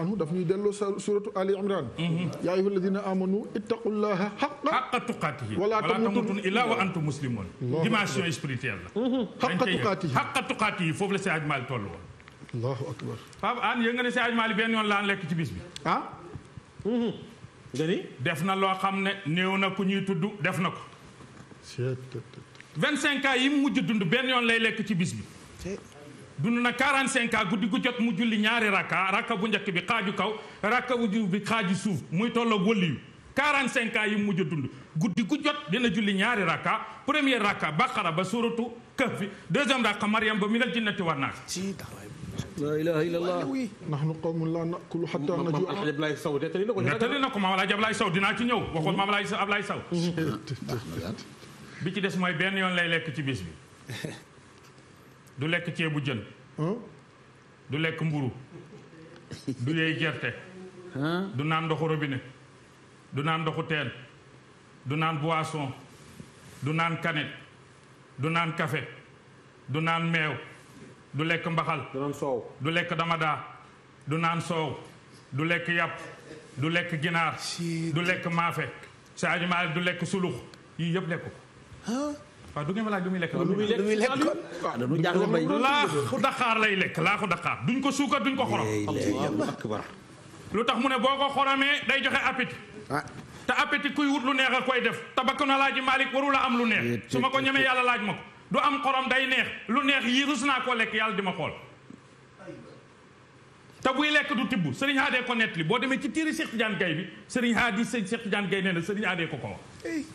anhu daf ñuy delloo sa suratu Ali Imran yaa ayyuha alladina amanu ittaqullaha xaqa tuqaatihi wala tamutun illa wa antum muslimun dimension spirituelle la xaqa tuqaatihi xaqa tuqaatihi foofu la Seydi Maalik toll woon allahu akbar Pape Hann yéen nga ne Seydi Maalik benn yoon laan lekk ci bis bi ah def na loo xam ne néew na ku ñuy tudd def na ko vingt cinq ans yi mu mujj dund benn yoon lay lekk ci bis bi dund na 45 ans guddi gu jot mu julli ñaari rakka rakka bu njëkk bi xaaju kaw rakka bu jub bi xaaju suuf muy tolloog wëliyu 45 ans yi mujj dund guddi gu jot dina julli ñaari rakka premier rakka baqara ba suratu kahfi deuxième rakka mariam ba minal jinnati war naas la ilaha illallah nahnu qawmun la nakulu hatta najua maam Ablaye Sow nettali na ko nettali na ko maam Alaaji Ablaye Sow dinaa ci ñëw waxoon maam Ablaye bi ci des mooy benn yoon lay lekk ci bis bi du lekk ceebu jën hmm? du lekk mburu du yeey gerte hmm? du naan ndoxu robine du naan ndoxu teen du naan boisson du naan kanet du naan kafe du naan meew du lekk mbaxal du lekk damadaa du naan soow du lekk yàpp du lekk ginaar du lekk maafe Sadio Mané du lekk sulux yii yëpp lekk ko waaw du ngeen ma laaj lu muy lekk. lu muy lekk lu muy lekk laa dañu daqaar bay. laaxu daxaar lay lekk duñ ko suukar duñ ko xorom. lu tax mu ne boo ko xoromee day joxe appétit. Ah. te appétit kuy wut lu neex a koy def tabakkanu Alaaji Malick warul warula am lu neex. su ma ko ñemee yàlla laaj ma ko du am xorom day neex lu neex yii rus naa koo lekk yàlla di ma xool. te buy lekk du tibb sëriñ Hadé ko nettali boo demee ci tiiri Cheikh Tidiane Gaye bi Serigne Hadé Cheikh Tidiane Gaye nee na Serigne Hadé ko ko wax.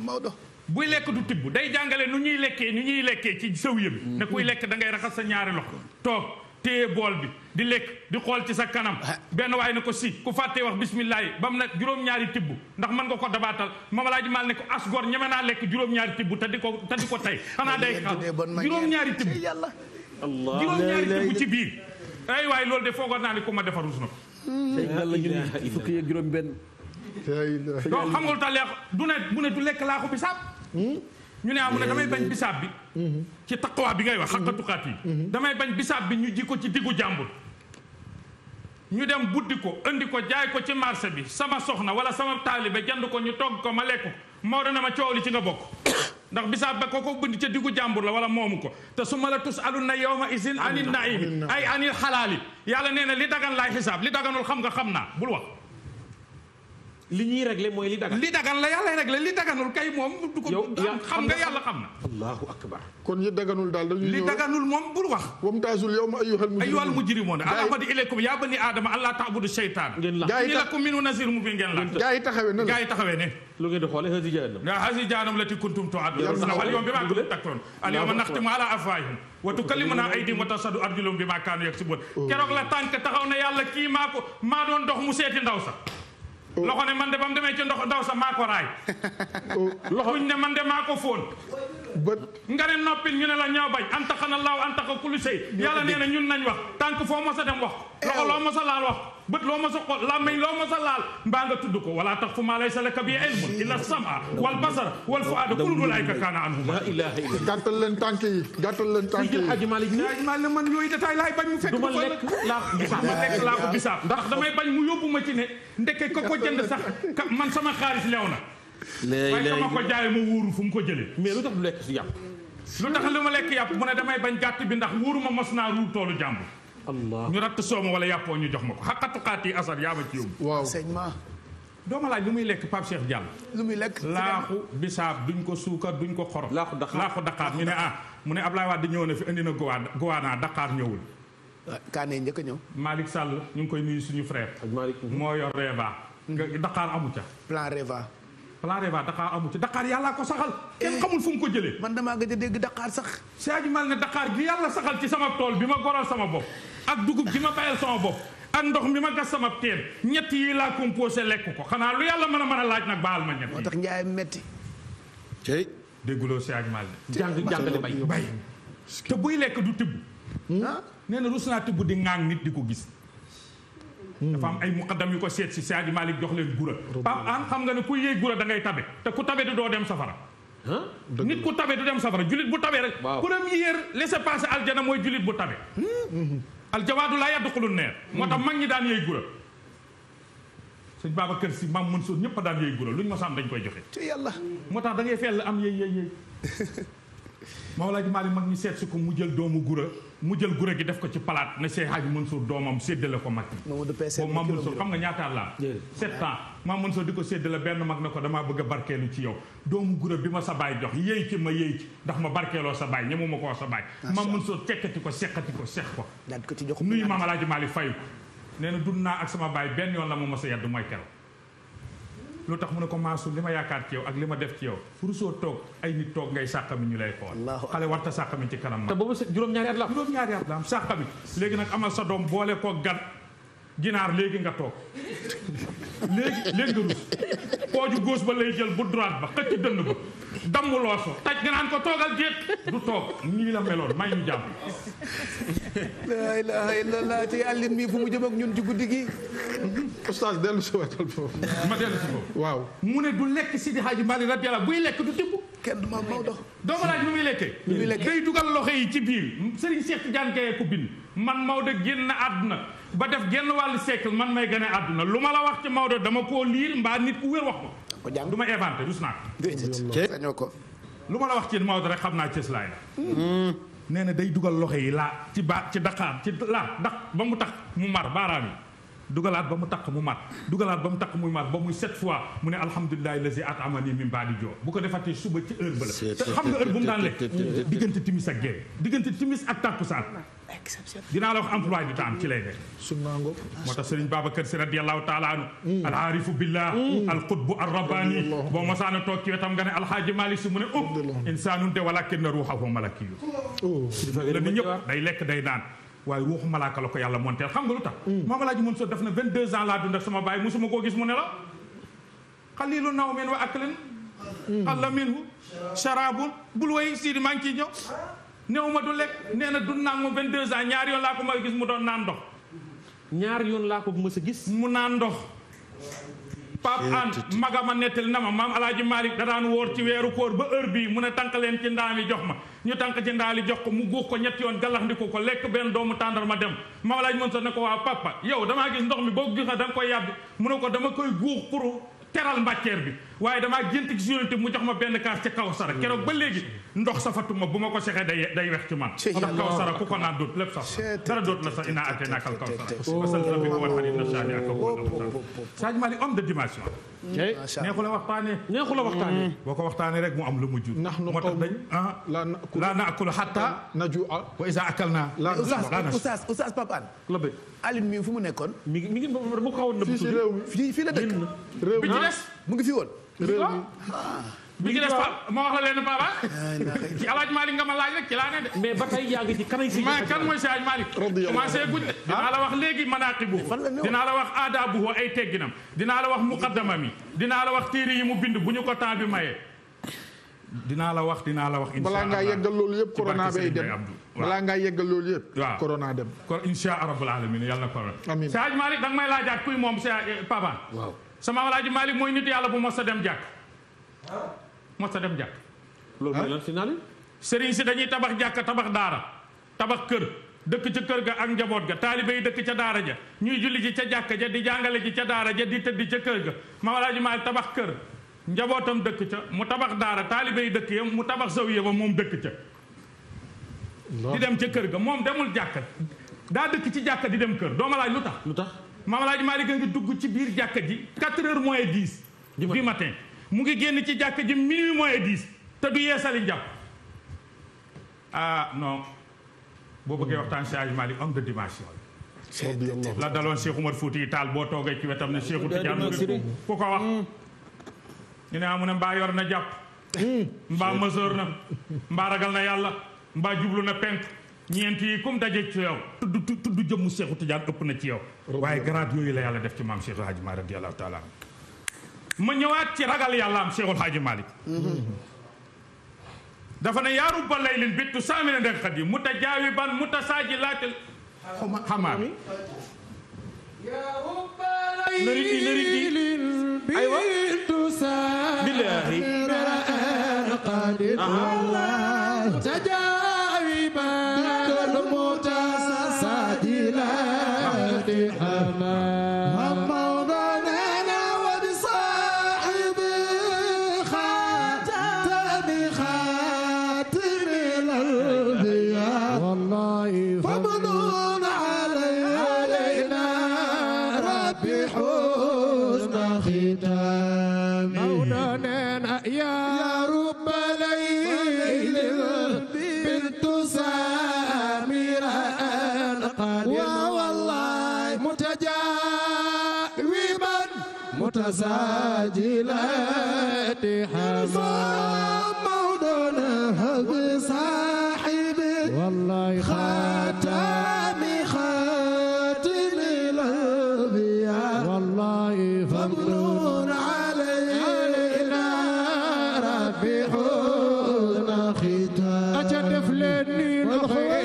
Maodo. buy lekk du tibb day jàngale nu ñuy lekkee nu ñuy lekkee ci sëwiya bi mm-hmm. ne kuy lekk dangay ngay raxas sa ñaari loxo toog téye bool bi di lekk di xool ci sa kanam ah. benn waaye ne ko si ku fàttee wax bisimilah ba mu ne juróom-ñaari tibb ndax mën nga ko dabaatal ma laa ji mal ne ko as gor ñeme naa lekk juróom-ñaari tibb te di ko te di ko tey xanaa day xaal juróom-ñaari tibb juróom-ñaari tibb ci biir ay waaye loolu de foogoon naa ne ku ma defarus na ko mm-hmm. fukki yeeg juróom benn donc xam nga lekk laa ko bisaab Hmm? ñu ne ah na damay hmm. bañ bisaab bi. Hmm. ci taqwa bi ngay wax xaqatukaat yi. damay bañ bisaab bi ñu ji ko ci diggu jàmbur. ñu dem buddi ko andi ko jaay ko ci marché bi sama soxna wala sama taalibe jënd ko ñu togg ko ma lekk ko Maodo na ma coow li ci nga bokk. ndax bisaab ba ko ko buddi ca diggu jàmbur la wala moomu ko te su ma la tus alun na yow ma isin anil naimi ay anil xalaali yàlla nee na li dagan laay xisaab li daganul xam nga xam naa bul wax. li ñuy réglé mooy li dagan li dagan la yàlla réglé li daganul kay moom. du ko xam nga yàlla xam na. allahu akbar kon yi daganul daal dañuy ñëw li daganul moom bul wax. wamtaazul yawma ayyuhal mujrimoon alam adi ilaykum yaa bani aadama allah taabudu seytaan. ngeen la inni lakum minhu nasiirun mubiin ngeen la. gaa yi taxawee ne la gaa yi taxawee ne. lu ngeen di xoolee hasi jahannam. waaw hasi jahannam lati kuntum tu'aduun wal yawma bimaa kuntum takfuruun al yawma naxtimu ala afwaahihim wa tukallimunaa aydiihim wa tashhadu arjuluhum bimaa kaanu yaksibuun oh. keroog la tànk taxaw na yàlla kii maa ko maa doon dox mu seeti ndaw sax loxo ne man de ba mu demee ci ndaw sa maa ko raay. loxo ne man de maa ko fóon. bët nga ne noppil ñu ne la ñaaw bañ antaxana laaw antaxa kulu sey yàlla nee na ñun nañ wax tànk foo mos a dem wax. loxo loo mos laal wax. بت لو ما سقط لا مين لو ما سلال بانغ تدكو ولا تقف ما ليس لك بي علم الا السمع والبصر والفؤاد كل اولئك كان عنه لا اله الا الله غاتل لن تانكي غاتل لن تانكي حاج مالك حاج مالك من يوي داتاي لاي باج مو فك دوما لك لا ما لك لا كو بيسا داخ داماي باج مو يوبو ما تي ني ندك كوكو جند صاح مان سما خالص ليونا لا اله الا الله ما مو وورو فوم كو جيلي مي لو تخ لك سيام لو تخ لو ما لك ياب مو ني داماي باج جات بي ندخ وورو ما مسنا رو تولو جامبو ñu ratt sooma wala yàppoo ñu jox ma ko xaqatuqaat yi asar yaa ma ci yóbbu. waaw enseignement. doo ma laaj lu muy lekk Pape Cheikh Diallo. lu muy lekk laaxu bisaab duñ ko suukar duñ ko xorom. laaxu daqaar laaxu daqaar ñu ne ah mu ne ab Ablaye Wade ñëw na fi indi na Gowaana Gowaana daqaar ñëwul. Ah, kaane njëkk a ñëw. Malick Sall ñu ngi koy nuyu suñu frère. ak moo yor Reva. nga hmm. daqaar amu ca. plan Reva. plan baa Dakar amu ci daqaar yàllaa ko saxal. kenn eh. xamul fu mu ko jëlee. man damaa gëj a dégg Dakar sax. Sadio Mal ne Dakar bi yàlla saxal ci sama tool bi ma goral sama bopp ak dugub bi ma bayal sama bopp ak ndox mi ma gas sama teen ñett yi laa composé lekk ko xanaa lu yàlla mën a mën a laaj nag baal ma ñett yi. moo tax njaay metti. tey dégguloo Sadio Mal de. jàng jàngale bay bay te buy lekk du tibb. nee na rus naa tibb di ŋaang nit di ko gis. dafa am ay muqaddam yu ko seet si Seydi Malick jox leen gura Pape an xam nga ne kuy yëy gura da ngay tabe te ku tabe di doo dem safara nit ku tabe du dem safara julit bu tabe rek première laisser passer aljana mooy julit bu tabe aljawaadu laa yadxulu naar moo tax mag ñi daan yëy gura sëñ kër Si maam Mansour ñëpp a daan yëy gura luñ ma saam dañ koy joxe te yàlla moo tax dangay ngay fell am yëy yëy yëy Mawlaaj Maalik mag ñi seet si ko mu jël doomu guro mu jël guro gi def ko ci palaat na Seex Haaji Mansour doomam séddale ko mag yi maam Mansour xam nga ñaataar la sept ans maam Mansour di ko séddale benn mag na ko damaa bëgg barkeelu ci yow doomu gura bi ma sa baay jox yéy ci ma yéy ci ndax ma barkeeloo sa baay ñemuma koo sa baay maam Mansour ko seqati ko seq ko nuyu maam Alaaji Maalik fayu nee na dund naa ak sama baay benn yoon la ma mos a yeddu keroog lu tax mu ne ko maasum li ma yaakaar ci yow ak li ma def ci yow furusoo toog ay nit toog ngay sàqami ñu lay xool xale warta sàqami ci kanam ma te boobu juróom-ñaari at la am juróom-ñaari at sàqami léegi nag amal sa doom boole ko gan ginaar léegi nga toog léegi léegi nga rus pooju góos ba lay jël bu droite ba xëcc dënd ba damm looso taj nga naan ko toogal jéet du toog nii la meloon may ñu jàmm la ilaha illallah ci àllin mi fu mu jëm ak ñun ci guddi gi oustaz dellu si waatal foofu ma dellu si foofu mu ne du lekk Sidi Hadji Malick radiyallahu buy lekk du tibb kenn du ma Maodo doomu laaj lu muy lekkee lu muy lekkee day dugal loxo yi ci biir Serigne Cheikh Tidiane Gaye ko bind man Maodo génn àdduna ba def genn wàllu siècle man may gën a àdduna lu ma la wax ci dama koo liir mbaa nit ku wér wax ko du ma inventé rus naa ko lu ma la wax ci Maodo rek xam naa cës laay hmm. nee na day dugal loxo yi laa ci baat ci daqaam ci laa daq ba mu tax mu mar baaraam yi dugalaat ba mu taq mu mat dugalaat ba mu taq mu mat ba muy sept fois mu ne alhamdulilahi lazi at amani min baadi joo bu ko defatee suba ci heure ba la te xam nga heure bu mu daan lekk diggante timis ak gée diggante timis ak tàkkusaan dinaa la wax emploi du temps ci lay def sunna ngoog moo tax sëriñ Babacar si radiallahu taala anu mm. alaarifu billah mm. alqutbu arrabani boo mosaana toog ci wetam nga ne alhaaji Malick si mu ne oh, ub insaanunte walakin na ruuxahu malakiyu oh. la ni ñëpp day lekk day naan waaye ruuxu malaaka la ko yàlla monteel xam nga lu tax maam laa mën so def na vingt deux ans laa dund ak sama baay musuma koo gis mu ne la xalilu naw min wa aklin xalla mm. minhu sharabun bul way siidi maa ngi ciy ñëw néew ma du lekk nee na dund naa moom vingt deux ans ñaar yoon laa ko ma gis mu doon naan ndox ñaar yoon laa ko mës a gis mu naan ndox Pape An magama nettali na ma maam alaaji Malick da daan wóor ci weeru koor ba heure bii mu ne tànk leen ci ndaami jox ma ñu tànk ci ndaali jox ko mu guux ko ñetti yoon gallaxndiku ko lekk benn doomu tàndar ma dem maam alaaji Mansour ne ko waa papa yow damaa gis ndox mi boo gis nga da nga koy yàbbi mu ne ko dama koy guux pour teral mbàcceer bi waaye dama jënt ci yonente mu jox ma benn kaas ca kawsara kero ba léegi ndox safatuma bu ma ko sexee day day wex ci man ndax kawsara ku ko naan doot lépp sax dara doot la sax ina ate naakal kawsara asal rabbi ko war xarit na saani ak ko saaj mali homme de dimension neexu la waxtaane neexu la waxtaane boo ko waxtaane rek mu am lu mu jur ndax nu dañ la na laa hatta xatta najua wa isa akal naa oustaz oustaz Pape Anne la Aline mi fu mu nekkoon mi ngi mi ngi ma ko xawoon na fii la dëkk réew mi bi ci dess mu ngi fi woon. réew mi ngi fa ma wax la leen baba ci alaaj malik nga ma laaj rek ci laa ne de mais ba tey yaa ngi ci kanay si ma kan mooy si ada malik commencé guñ de dinaa la wax léegi manaqibu dinaa la wax aadabu ay tegginam dinaa la wax muqaddama mi dinaa la wax téere yi mu bind bu ko temps bi maye dinaa la wax dinaa la wax insha balaa ngaa yeggal loolu yëpp corona bay dem balaa ngaa yeggal loolu yëpp corona dem kon insha rabbul alamin yàlla ya corona amin si alaaj malik danga may laajaat kuy moom eh, papa waaw sama alaaji Malick mooy nit yàlla bu mos a dem jàkk mos a dem jàkk loolu mooy ah. sëriñ si dañuy tabax jàkk tabax daara tabax kër dëkk ca kër ga ak njaboot ga taalibe yi dëkk ca daara ja ñuy julli ji ca jàkk ja di jàngale ji ca daara ja di tëdd ca kër ga ma alaaji Malick tabax kër njabootam dëkk ca mu tabax daara taalibe yi dëkk ya mu tabax zawiya ba moom dëkk ca di dem ca kër ga moom demul jàkk daa dëkk ci jàkk di dem kër doo laaj lu tax lu tax Maam Alaaji Maalik a ngi dugg ci biir jàkka ji quatre mois moins dix du matin mu ngi génn ci jàkka ji minuit moins dix te du yeesali njàpp ah non boo bëggee waxtaan si Alaaji Maalik homme de dimanche la daloon Cheikh Oumar Fouti Taal boo toogee ci wetam ne Cheikh Tidiane ku ko wax ñu ne amu mbaa yor na jàpp mbaa mësoor na mbaa ragal na yàlla mbaa jublu na penk ñeent yi kum daje ci yow tudd tudd jëmmu Seexu Tijaan ëpp na ci yow waaye garaat yooyu la yàlla def ci maam Seexul Haaji Maalik radiyallaahu taala ma ñëwaat ci ragal yàlla am Seexul Haaji Maalik dafa ne yaa rubba laylin bittu saamina ndek xat yi mutajaawiban mutasaajilaati xamaami nëriti nëriti aywa billaahi متساجلات حمام موضوع حب صاحبي والله خاتم خاتم الانبياء والله فمنون علينا ربي حزن ختام أجدف لني نخير